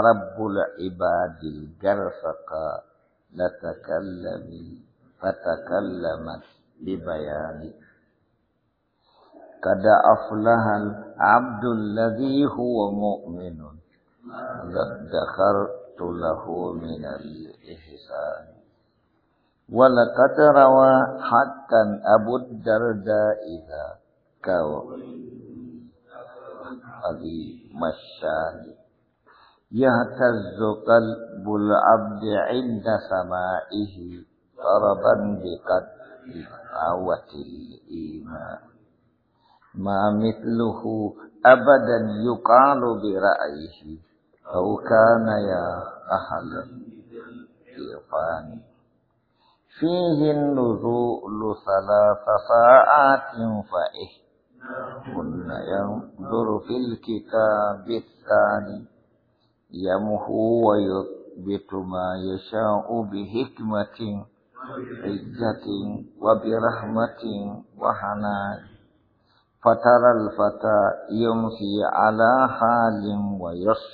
رب العباد الجرفق لتكلم فتكلمت ببيانك قد أفلح العبد الذي هو مؤمن قد ذكرت له من الإحسان ولقد روى حقا أبو الدرداء إذا كوى أبي مشاني يهتز قلب العبد عند سمائه طربا قوة الإيمان ما مثله أبدا يقال برأيه أو كان يا أهل الإيقان فيه النزول ثلاث ساعات فإه كن ينظر في الكتاب الثاني يمحو ويثبت ما يشاء بحكمة عزة وبرحمة وحنان فترى الفتى يمسي على حال ويص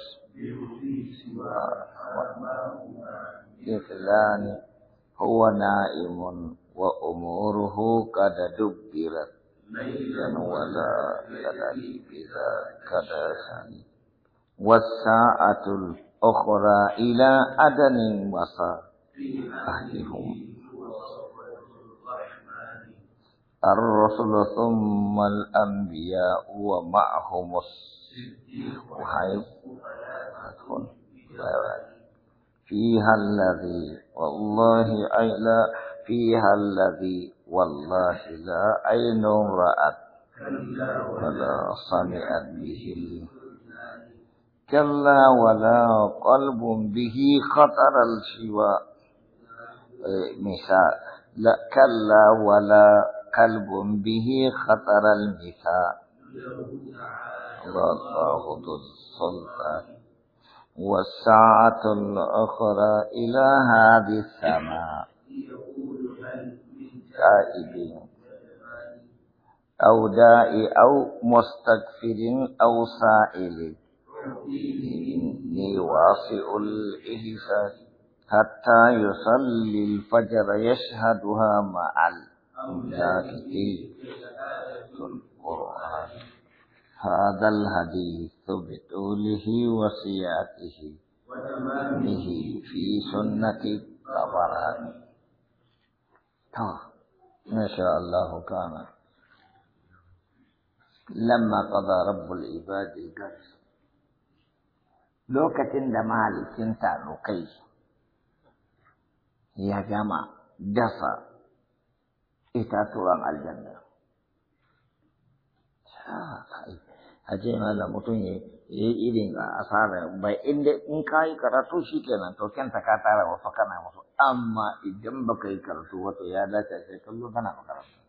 إثلان هو نائم وأموره قد دبرت ليلا ولا يلي بذا كذا سنين والساعة الأخرى إلى أدن وصاحبهم الرسل ثم الأنبياء ومعهم الصديق فيها الذي والله أي لا فيها الذي والله لا عين رأت ولا سمعت به كلا ولا قلب به خطر الشواء مثال لا كلا ولا قلب به خطر المثال والله ذو السلطان والساعة الأخرى إلى هذه السماء كائبين أو داء أو مستكفر أو سائل إني واسع الإحساس حتى يصلي الفجر يشهدها مع الأملاك القرآن هذا الحديث بطوله وسياته به في سنة الطبراني ما شاء الله كان لما قضى رب العباد قرص lokacin da mahalicin talukai ya gama dasa itatuwan aljanna. A ce da mutum ya yi irin a asara bai inda in ka yi karatu shi kenan to kenta ka tara wasu kana musu amma idan baka yi karatu wato ya dace sai kallo kana makaranta.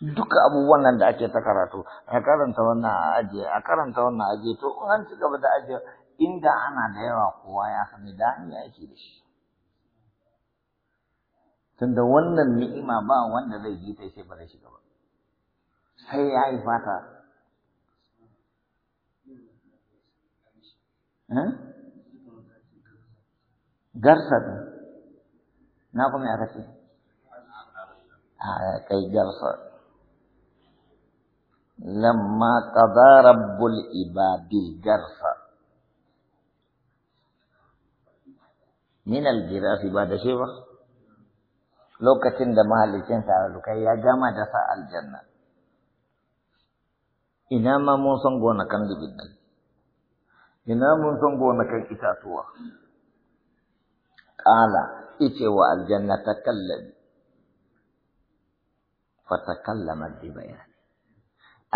duka abubuwan nan da ake ta karatu a karanta wannan a ajiye a karanta wannan a ajiye to in an ci gaba da ajiye inda ana da yawa kowa ya san da hanya yake da shi tunda wannan ni'ima ba wanda zai ji ta sai ba zai shiga ba sai ya yi fata eh? garsa na kuma ya kace ah, a kai garsa لما قضى رب العباد الجرف من الجراف بعد شيء لو كتن دمها لكن تعالوا كي يجمع دفع الجنة إنما موسم بونا كان لبنا إنما موسم بونا كان إتاتوا قال إتوا الجنة تكلم فتكلم الدبيان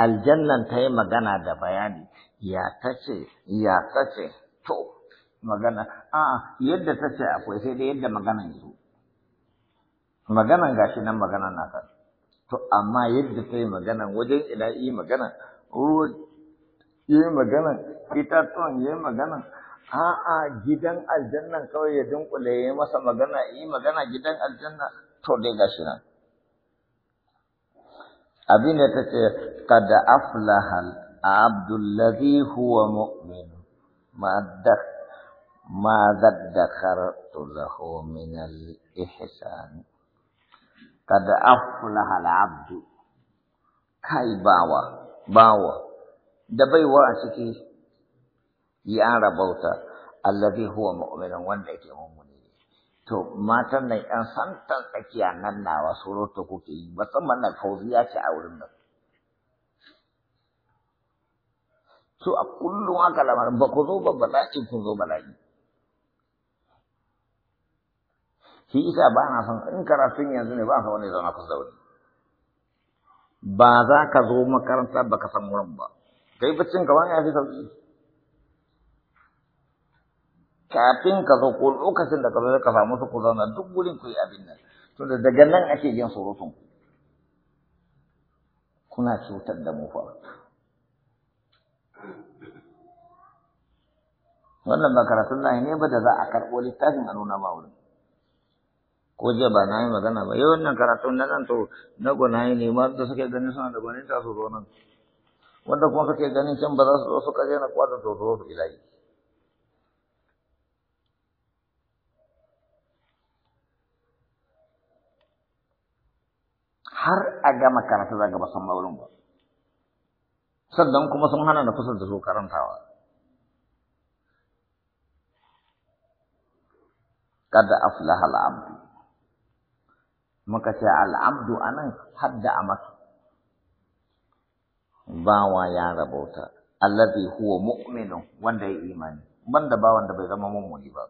aljannan ta yi magana da bayani ya tace ya ce to magana a yadda ta ce akwai sai da yadda maganan yanzu maganan gashi nan magana na nasa to amma yadda ta yi maganan wajen ina yi maganan ruwa yi maganan itatuwan yi maganan a'a gidan aljannan kawai ya dunkule ya yi masa magana yi magana gidan aljanna to dai gashi nan أبين قد أفلح العبد الذي هو مؤمن ما ماذا ادخرت له من الإحسان قد أفلح العبد كاي باوا باوا دبي واسكي يا رب الذي هو مؤمن وانك مؤمن To, matan nan ‘yan santan tsakiya nan nawa surota kuke yi, musamman na ya ce a wurin nan. To, a kullum haka lamar ba ku zo ba ce ku zo bala'i. Shi isa ba na son in karafin yanzu ne ba sa wani zama kusa wani. Ba za ka zo makaranta ba ka san wurin ba, kai baccin ka wani ya fi sauki. kafin ka zo ko lokacin da ka zo ka samu su ku zauna duk gurin ku yi abin nan to da daga nan ake yin surutun kuna cutar da mu fa wannan ba karatun nahi ne ba da za a karɓo littafin a nuna ma wurin ko jiya ba na yi magana ba yi wannan karatun na nan to na gwanaye ne ma da suke ganin suna da gwanin ta su zo nan wanda kuma suke ganin can ba za su zo su kaje na kwata to zo su ilahi har a gama karatu za ba san maulin ba sannan kuma sun hana na kusa da su karantawa kada aflaha al'abdu muka ce al'abdu anan hadda amatu bawa ya rabauta allazi huwa mu'minun wanda ya imani banda ba wanda bai zama mummuni ba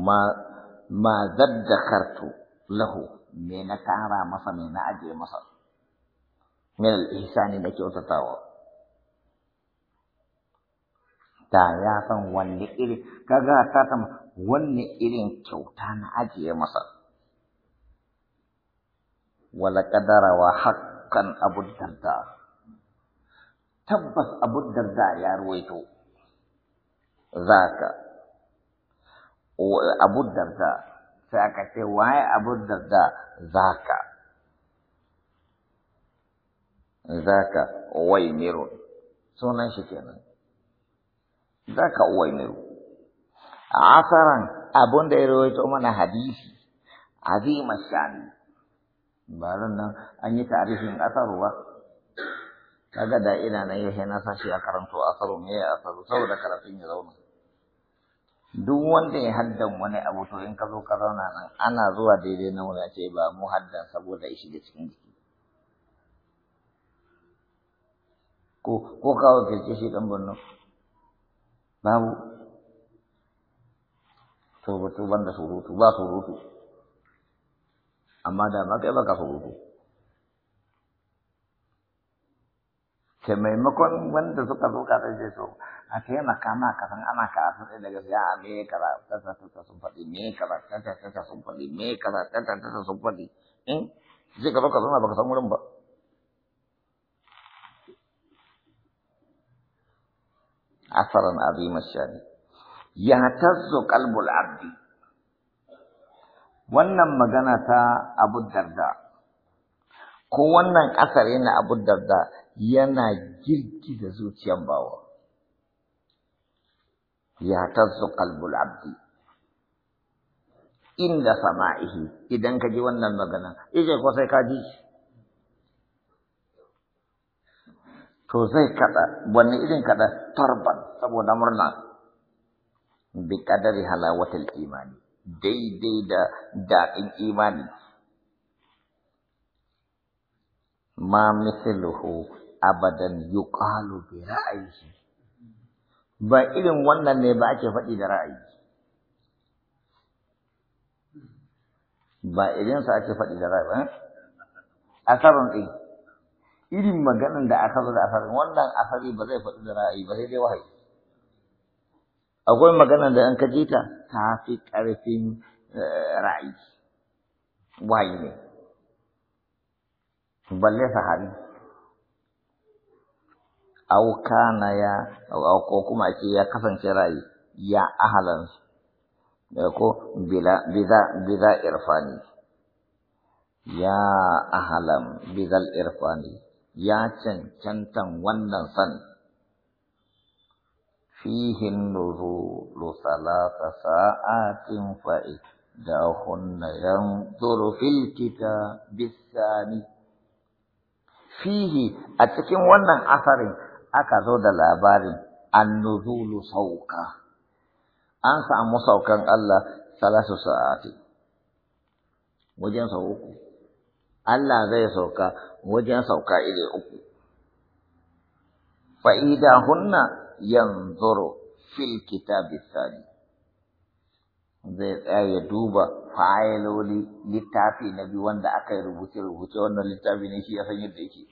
ma ma kartu lahu me na tara masa me na ajiye masa min al-ihsani da kyautatawa Ta ya san wanne irin kaga ta san wanne irin kyauta na ajiye masa wala kadara wa haqqan abu darda tabbas abu darda ya ruwaito zaka abu darda sai aka ce waye abun da zaka zaka wai miro sunan shi kenan zaka wai miro asaran abun da ya rawaito mana hadisi azima shani baran nan an yi tarihin asaru ba kaga da ina na yahe na sashi a karanto asaru me ya asaru saboda karatun ya zauna duk wanda ya haddan wani abu to in ka zo ka zauna nan ana zuwa daidai na wani ce ba mu haddan saboda ya shiga cikin jiki ko kawo kirki shi dan Borno babu to ba to banda surutu ba surutu amma da ba kai baka surutu ke maimakon tu suka zo ka sai so a taimaka ma ka san ana karatu ɗaya daga siya a me kaza tata tata sun faɗi me kaza tata tata sun faɗi me kaza tata tata sun faɗi in eh? sai ka zo ka zauna baka san asalan ba asaran azimar shani ya tazzo qalbul abdi wannan magana ta abu darda ko wannan asari yana abu darda yana da zuciyan bawa ya tazzu qalbul abdi inda sama'ihi idan ka ji wannan magana ije ko sai ka ji to zai kada wani irin kada tarban saboda murna bi qadari halawatil imani daidai da daɗin imani ma mithluhu abadan yuqalu bi ra'ayi ba irin wannan ne ba ake faɗi da ra'ayi ba irin sa ake faɗi da ra'ayi ba eh? asarin ɗin irin maganan da aka zo da asarin wannan asari ba zai faɗi da ra'ayi ba sai dai wahayi akwai maganar da an ka ta fi ƙarfin eh, ra'ayi wahayi ne balle fa hadin aw kana ya aw ko kuma ce ya kasance rai ya ahalan da ko bila bida bida irfani ya irfani ya cancantan wannan san fihin nuru lusala ta sa'atin fa'i da hunna yan zurfil kita bisani fihi a cikin wannan asarin aka zo da labarin annuzulu sauka an samu saukan Allah salasu sa'ati wajen sau uku Allah zai sauka wajen sauka ile uku fa'ida hunna yanzuru fil kitabi zai tsaya ya duba fayiloli littafi na biyu wanda aka yi rubuce-rubuce wannan littafi ne shi ya san yadda yake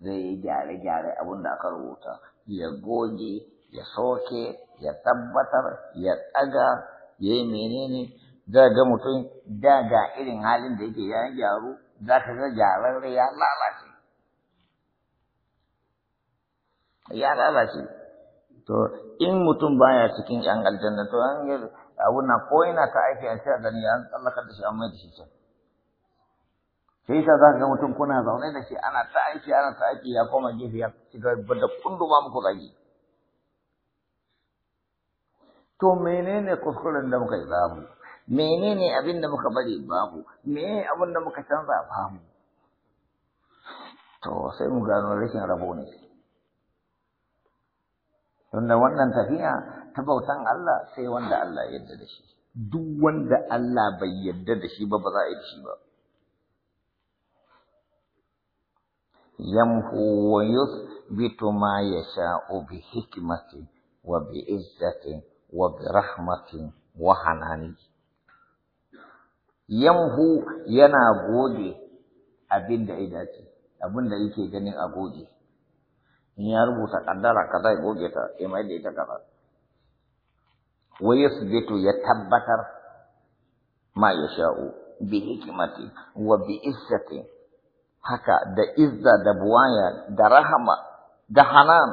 zai yi gyare-gyare abin da aka rubuta ya goge ya soke ya tabbatar ya tsaga ya yi menene za ga mutum da ga irin halin da yake ya gyaru za ka ga gyaran ya lalace ya lalace to in mutum baya cikin yan aljanna to an abun nan ko yana ka aiki a cikin gani an tsallakar da shi an mai da shi can sai sa za ka ga mutum kuna zaune da shi ana ta aiki ana ta aiki ya koma gefe ya shiga da kunduma muku zagi to menene kuskuren da muka yi babu menene abin da muka bari babu me abin da muka canza babu to sai mu gano rashin rabo ne tunda wannan tafiya ta bautan Allah sai wanda Allah ya yarda da shi duk wanda Allah bai yarda da shi ba ba za a yi shi ba yamhu wa yuthbitu ma yasha'u bi hikmati wa bi izzati wa bi rahmati wa hanani yamhu yana goge abin da ya dace abin da yake ganin a goge in ya rubuta kaddara kaza ya goge ta ya mai da ita kaza wai bitu ya tabbatar ma ya sha'u bi hikmati wa bi izzati haka da izza da buwaya da rahama da hanan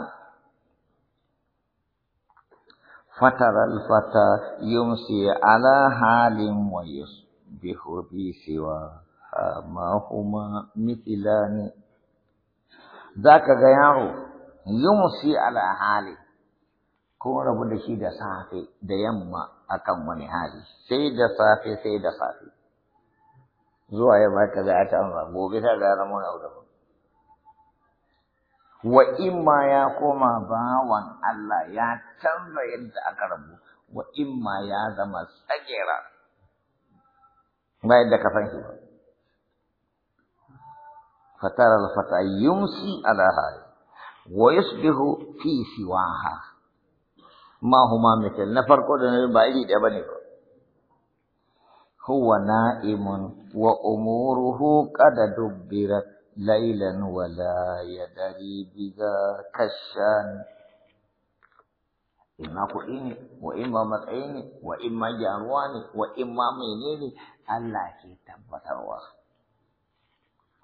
فترى الفتى يمسي على حال ويصبح في سواها ما هما مثلان ذاك غيره yumsi ala hali ko rabu da shi da safe da yamma akan wani hali sai da safe sai da safe zuwa ya ka za ta amma gobe ta ga zama na da wa imma ya koma bawan Allah ya canza yadda aka rabu wa imma ya zama tsagera ba yadda ka san shi ba al-fata yumsi ala hali ويصبح في سواها ما هما مثل نفر كود بايجي دبني هو نائم وأموره قد دبرت ليلا ولا يدري بذا كشان إما كويني وإما مطعيني وإما جارواني وإما مينيني الله كتب وتروى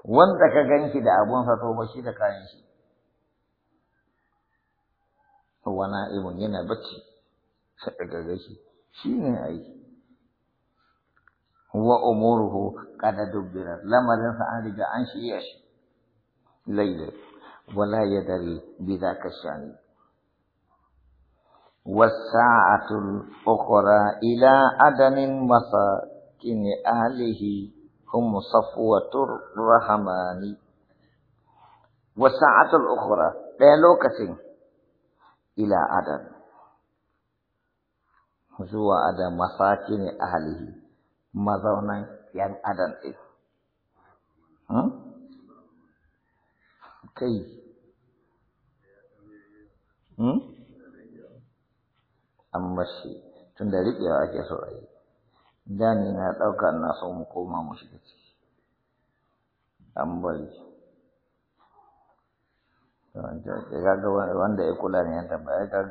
وانتك كنشي دا أبوان فتوبشي دا ونائم ينا بكي فأقاقه شيني أي هو أموره قد دبرت لما ذنف أهلك عن شيء ليلة ولا يدري بذاك الشان والساعة الأخرى إلى أدن مساكن أهله هم صفوة الرحمن والساعة الأخرى لا لوكسين ila Adam, zuwa adam masakin ne mazaunan yan Adam ɗin kai amma shi tun da riƙewa ake so a yi da ni na ɗauka na so mu koma mu shiga ciki an bari wancan ce kaga wanda ya kula ne ya tambaya